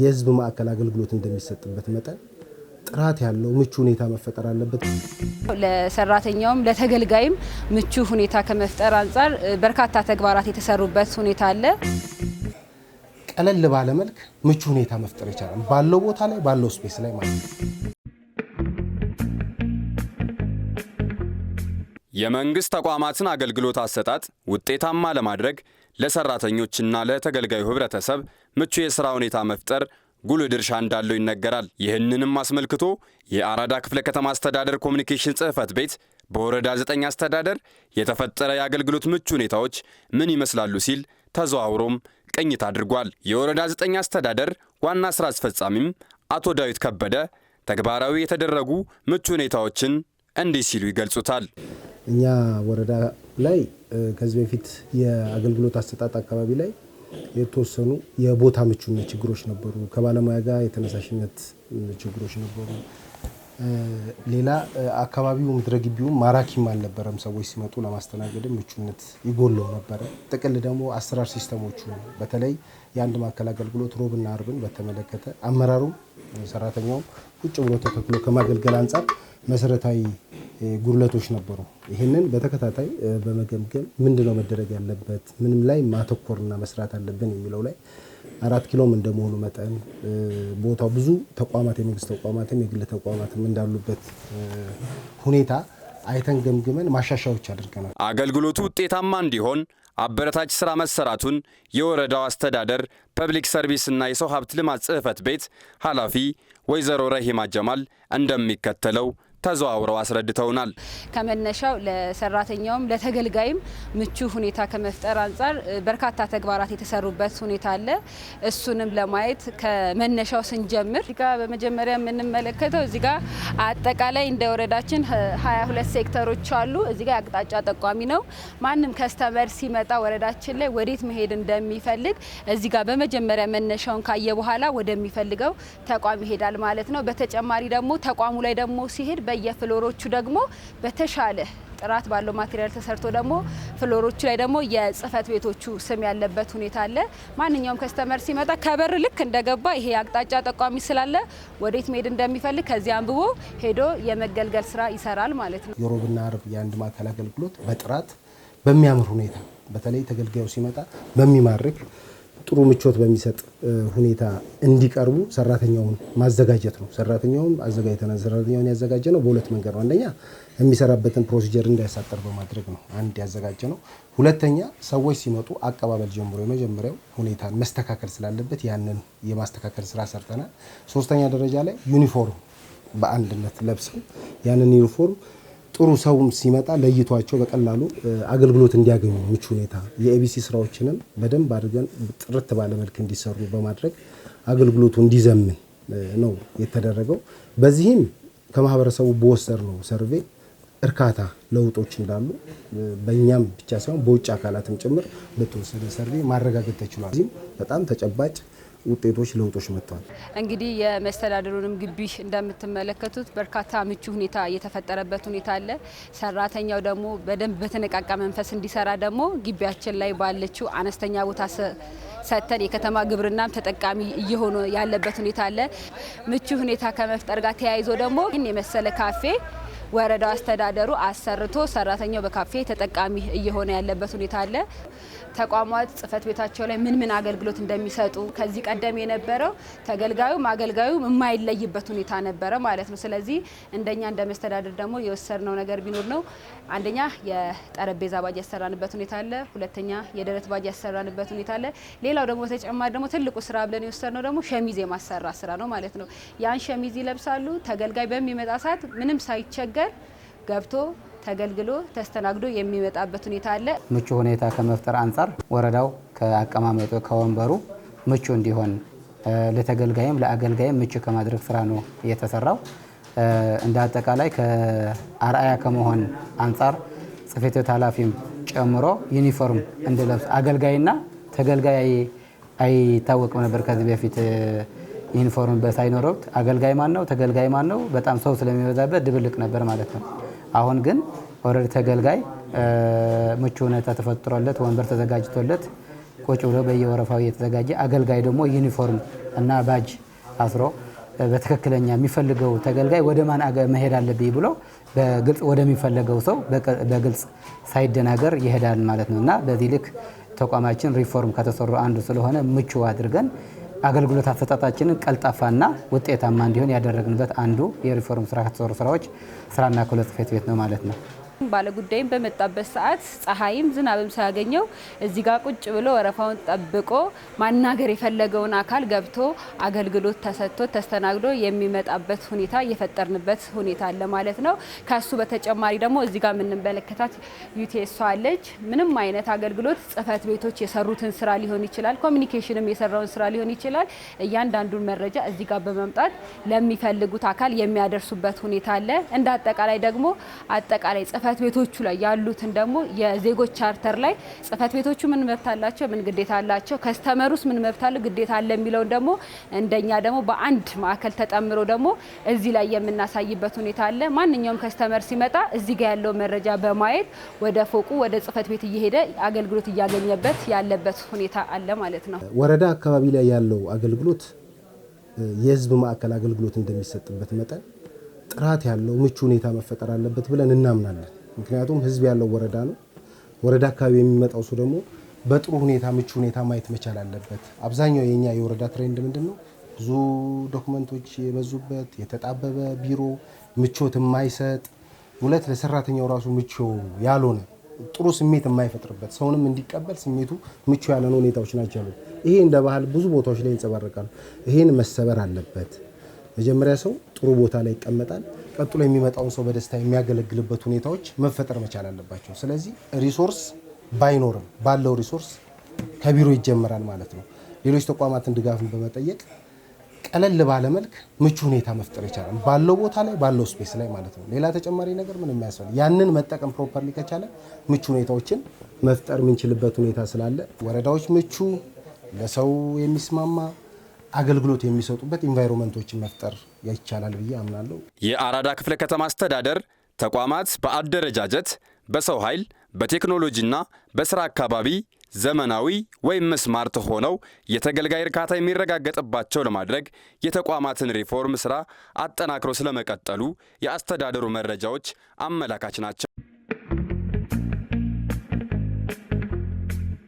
የህዝብ ማዕከል አገልግሎት እንደሚሰጥበት መጠን ጥራት ያለው ምቹ ሁኔታ መፈጠር አለበት። ለሰራተኛውም ለተገልጋይም ምቹ ሁኔታ ከመፍጠር አንጻር በርካታ ተግባራት የተሰሩበት ሁኔታ አለ። ቀለል ባለ መልክ ምቹ ሁኔታ መፍጠር ይቻላል፣ ባለው ቦታ ላይ ባለው ስፔስ ላይ ማለት ነው። የመንግስት ተቋማትን አገልግሎት አሰጣጥ ውጤታማ ለማድረግ ለሰራተኞችና ለተገልጋዩ ህብረተሰብ ምቹ የስራ ሁኔታ መፍጠር ጉልህ ድርሻ እንዳለው ይነገራል። ይህንንም አስመልክቶ የአራዳ ክፍለ ከተማ አስተዳደር ኮሚኒኬሽን ጽህፈት ቤት በወረዳ ዘጠኝ አስተዳደር የተፈጠረ የአገልግሎት ምቹ ሁኔታዎች ምን ይመስላሉ ሲል ተዘዋውሮም ቅኝት አድርጓል። የወረዳ ዘጠኝ አስተዳደር ዋና ስራ አስፈጻሚም አቶ ዳዊት ከበደ ተግባራዊ የተደረጉ ምቹ ሁኔታዎችን እንዲህ ሲሉ ይገልጹታል። እኛ ወረዳ ላይ ከዚህ በፊት የአገልግሎት አሰጣጥ አካባቢ ላይ የተወሰኑ የቦታ ምቹነት ችግሮች ነበሩ። ከባለሙያ ጋር የተነሳሽነት ችግሮች ነበሩ። ሌላ አካባቢው ምድረግቢውም ማራኪም አልነበረም። ሰዎች ሲመጡ ለማስተናገድ ምቹነት ይጎለው ነበረ። ጥቅል ደግሞ አሰራር ሲስተሞቹ በተለይ የአንድ ማዕከል አገልግሎት ሮብና አርብን በተመለከተ አመራሩም ሰራተኛውም ቁጭ ብሎ ተተክሎ ከማገልገል አንጻር መሰረታዊ ጉድለቶች ነበሩ። ይህንን በተከታታይ በመገምገም ምንድነው መደረግ ያለበት፣ ምንም ላይ ማተኮርና መስራት አለብን የሚለው ላይ አራት ኪሎም እንደመሆኑ መጠን ቦታው ብዙ ተቋማት የመንግስት ተቋማትም የግል ተቋማትም እንዳሉበት ሁኔታ አይተን ገምግመን ማሻሻዎች አድርገናል። አገልግሎቱ ውጤታማ እንዲሆን አበረታች ስራ መሰራቱን የወረዳው አስተዳደር ፐብሊክ እና የሰው ሀብት ልማት ጽህፈት ቤት ኃላፊ ወይዘሮ ረሂማ ጀማል እንደሚከተለው ተዘዋውረው አስረድተውናል። ከመነሻው ለሰራተኛውም ለተገልጋይም ምቹ ሁኔታ ከመፍጠር አንጻር በርካታ ተግባራት የተሰሩበት ሁኔታ አለ። እሱንም ለማየት ከመነሻው ስንጀምር እዚጋ በመጀመሪያ የምንመለከተው እዚጋ አጠቃላይ እንደ ወረዳችን ሀያ ሁለት ሴክተሮች አሉ። እዚጋ አቅጣጫ ጠቋሚ ነው። ማንም ከስተመር ሲመጣ ወረዳችን ላይ ወዴት መሄድ እንደሚፈልግ እዚጋ በመጀመሪያ መነሻውን ካየ በኋላ ወደሚፈልገው ተቋም ይሄዳል ማለት ነው። በተጨማሪ ደግሞ ተቋሙ ላይ ደግሞ ሲሄድ የፍሎሮቹ ደግሞ በተሻለ ጥራት ባለው ማቴሪያል ተሰርቶ ደግሞ ፍሎሮቹ ላይ ደግሞ የጽህፈት ቤቶቹ ስም ያለበት ሁኔታ አለ። ማንኛውም ከስተመር ሲመጣ ከበር ልክ እንደገባ ይሄ አቅጣጫ ጠቋሚ ስላለ ወዴት መሄድ እንደሚፈልግ ከዚህ አንብቦ ሄዶ የመገልገል ስራ ይሰራል ማለት ነው። የሮብና አርብ የአንድ ማዕከል አገልግሎት በጥራት በሚያምር ሁኔታ በተለይ ተገልጋዩ ሲመጣ በሚማርክ ጥሩ ምቾት በሚሰጥ ሁኔታ እንዲቀርቡ ሰራተኛውን ማዘጋጀት ነው። ሰራተኛውን አዘጋጅተናል። ሰራተኛውን ያዘጋጀ ነው በሁለት መንገድ ነው። አንደኛ የሚሰራበትን ፕሮሲጀር እንዳያሳጠር በማድረግ ነው አንድ ያዘጋጀ ነው። ሁለተኛ ሰዎች ሲመጡ አቀባበል ጀምሮ የመጀመሪያው ሁኔታን መስተካከል ስላለበት ያንን የማስተካከል ስራ ሰርተናል። ሶስተኛ ደረጃ ላይ ዩኒፎርም በአንድነት ለብሰው ያንን ዩኒፎርም ጥሩ ሰውም ሲመጣ ለይቷቸው በቀላሉ አገልግሎት እንዲያገኙ ምቹ ሁኔታ የኤቢሲ ስራዎችንም በደንብ አድርገን ጥርት ባለ መልክ እንዲሰሩ በማድረግ አገልግሎቱ እንዲዘምን ነው የተደረገው። በዚህም ከማህበረሰቡ በወሰድ ነው ሰርቬ እርካታ ለውጦች እንዳሉ በእኛም ብቻ ሳይሆን በውጭ አካላትም ጭምር በተወሰደ ሰርቬ ማረጋገጥ ተችሏል። እዚህም በጣም ተጨባጭ ውጤቶች፣ ለውጦች መጥተዋል። እንግዲህ የመስተዳደሩንም ግቢ እንደምትመለከቱት በርካታ ምቹ ሁኔታ የተፈጠረበት ሁኔታ አለ። ሰራተኛው ደግሞ በደንብ በተነቃቃ መንፈስ እንዲሰራ ደግሞ ግቢያችን ላይ ባለችው አነስተኛ ቦታ ሰጥተን የከተማ ግብርናም ተጠቃሚ እየሆነ ያለበት ሁኔታ አለ። ምቹ ሁኔታ ከመፍጠር ጋር ተያይዞ ደግሞ ይህን የመሰለ ካፌ ወረዳ አስተዳደሩ አሰርቶ ሰራተኛው በካፌ ተጠቃሚ እየሆነ ያለበት ሁኔታ አለ። ተቋማት ጽህፈት ቤታቸው ላይ ምን ምን አገልግሎት እንደሚሰጡ ከዚህ ቀደም የነበረው ተገልጋዩም አገልጋዩ የማይለይበት ሁኔታ ነበረ ማለት ነው። ስለዚህ እንደኛ እንደ መስተዳደር ደግሞ የወሰድነው ነገር ቢኖር ነው አንደኛ የጠረጴዛ ባጅ ያሰራንበት ሁኔታ አለ። ሁለተኛ የደረት ባጅ ያሰራንበት ሁኔታ አለ። ሌላው ደግሞ በተጨማሪ ደግሞ ትልቁ ስራ ብለን የወሰድነው ደግሞ ሸሚዝ የማሰራ ስራ ነው ማለት ነው። ያን ሸሚዝ ይለብሳሉ ተገልጋይ በሚመጣ ሰዓት ምንም ሳይቸግ ባሻገር ገብቶ ተገልግሎ ተስተናግዶ የሚመጣበት ሁኔታ አለ። ምቹ ሁኔታ ከመፍጠር አንጻር ወረዳው ከአቀማመጡ ከወንበሩ ምቹ እንዲሆን ለተገልጋይም ለአገልጋይም ምቹ ከማድረግ ስራ ነው እየተሰራው። እንደ አጠቃላይ ከአርአያ ከመሆን አንጻር ጽሕፈት ቤት ኃላፊም ጨምሮ ዩኒፎርም እንድለብስ አገልጋይና ተገልጋይ አይታወቅም ነበር ከዚህ በፊት ዩኒፎርም በሳይኖር ወቅት አገልጋይ ማን ነው ተገልጋይ ማን ነው በጣም ሰው ስለሚበዛበት ድብልቅ ነበር ማለት ነው። አሁን ግን ኦልሬዲ ተገልጋይ ምቹ ሁኔታ ተፈጥሮለት ወንበር ተዘጋጅቶለት ቁጭ ብሎ በየወረፋው እየተዘጋጀ አገልጋይ ደግሞ ዩኒፎርም እና ባጅ አስሮ በትክክለኛ የሚፈልገው ተገልጋይ ወደ ማን መሄድ አለብኝ ብሎ በግልጽ ወደሚፈለገው ሰው በግልጽ ሳይደናገር ይሄዳል ማለት ነው እና በዚህ ልክ ተቋማችን ሪፎርም ከተሰሩ አንዱ ስለሆነ ምቹ አድርገን አገልግሎት አሰጣጣችንን ቀልጣፋና ውጤታማ እንዲሆን ያደረግንበት አንዱ የሪፎርም ስራ ከተሰሩ ስራዎች ስራና ክህሎት ጽሕፈት ቤት ነው ማለት ነው። ባለጉዳይም በመጣበት ሰዓት ፀሐይም ዝናብም ሳያገኘው እዚህ ጋር ቁጭ ብሎ ወረፋውን ጠብቆ ማናገር የፈለገውን አካል ገብቶ አገልግሎት ተሰጥቶ ተስተናግዶ የሚመጣበት ሁኔታ እየፈጠርንበት ሁኔታ አለ ማለት ነው። ከሱ በተጨማሪ ደግሞ እዚህ ጋር የምንመለከታት ዩቴሷ አለች። ምንም አይነት አገልግሎት ጽህፈት ቤቶች የሰሩትን ስራ ሊሆን ይችላል፣ ኮሚኒኬሽንም የሰራውን ስራ ሊሆን ይችላል። እያንዳንዱን መረጃ እዚህ ጋር በመምጣት ለሚፈልጉት አካል የሚያደርሱበት ሁኔታ አለ። እንደ አጠቃላይ ደግሞ አጠቃላይ ጽህፈት ቤቶቹ ላይ ያሉትን ደግሞ የዜጎች ቻርተር ላይ ጽህፈት ቤቶቹ ምን መብት አላቸው፣ ምን ግዴታ አላቸው፣ ከስተመሩስ ምን መብት አለ፣ ግዴታ አለ የሚለውን ደግሞ እንደኛ ደግሞ በአንድ ማዕከል ተጠምሮ ደግሞ እዚህ ላይ የምናሳይበት ሁኔታ አለ። ማንኛውም ከስተመር ሲመጣ እዚህ ጋር ያለው መረጃ በማየት ወደ ፎቁ ወደ ጽህፈት ቤት እየሄደ አገልግሎት እያገኘበት ያለበት ሁኔታ አለ ማለት ነው። ወረዳ አካባቢ ላይ ያለው አገልግሎት የህዝብ ማዕከል አገልግሎት እንደሚሰጥበት መጠን ጥራት ያለው ምቹ ሁኔታ መፈጠር አለበት ብለን እናምናለን። ምክንያቱም ህዝብ ያለው ወረዳ ነው። ወረዳ አካባቢ የሚመጣው ሰው ደግሞ በጥሩ ሁኔታ ምቹ ሁኔታ ማየት መቻል አለበት። አብዛኛው የኛ የወረዳ ትሬንድ ምንድን ነው? ብዙ ዶክመንቶች የበዙበት የተጣበበ ቢሮ፣ ምቾት የማይሰጥ ሁለት ለሰራተኛው ራሱ ምቹ ያልሆነ ጥሩ ስሜት የማይፈጥርበት ሰውንም እንዲቀበል ስሜቱ ምቹ ያልሆነ ሁኔታዎች ናቸው ያሉት። ይሄ እንደ ባህል ብዙ ቦታዎች ላይ ይንጸባረቃሉ። ይሄን መሰበር አለበት። መጀመሪያ ሰው ጥሩ ቦታ ላይ ይቀመጣል። ቀጥሎ የሚመጣውን ሰው በደስታ የሚያገለግልበት ሁኔታዎች መፈጠር መቻል አለባቸው። ስለዚህ ሪሶርስ ባይኖርም ባለው ሪሶርስ ከቢሮ ይጀመራል ማለት ነው። ሌሎች ተቋማትን ድጋፍን በመጠየቅ ቀለል ባለ መልክ ምቹ ሁኔታ መፍጠር ይቻላል፣ ባለው ቦታ ላይ ባለው ስፔስ ላይ ማለት ነው። ሌላ ተጨማሪ ነገር ምንም ያስፈልግ ያንን መጠቀም ፕሮፐርሊ ከቻለ ምቹ ሁኔታዎችን መፍጠር የምንችልበት ሁኔታ ስላለ ወረዳዎች ምቹ ለሰው የሚስማማ አገልግሎት የሚሰጡበት ኢንቫይሮንመንቶችን መፍጠር ይቻላል ብዬ አምናለሁ። የአራዳ ክፍለ ከተማ አስተዳደር ተቋማት በአደረጃጀት በሰው ኃይል በቴክኖሎጂና በስራ አካባቢ ዘመናዊ ወይም ስማርት ሆነው የተገልጋይ እርካታ የሚረጋገጥባቸው ለማድረግ የተቋማትን ሪፎርም ስራ አጠናክሮ ስለመቀጠሉ የአስተዳደሩ መረጃዎች አመላካች ናቸው።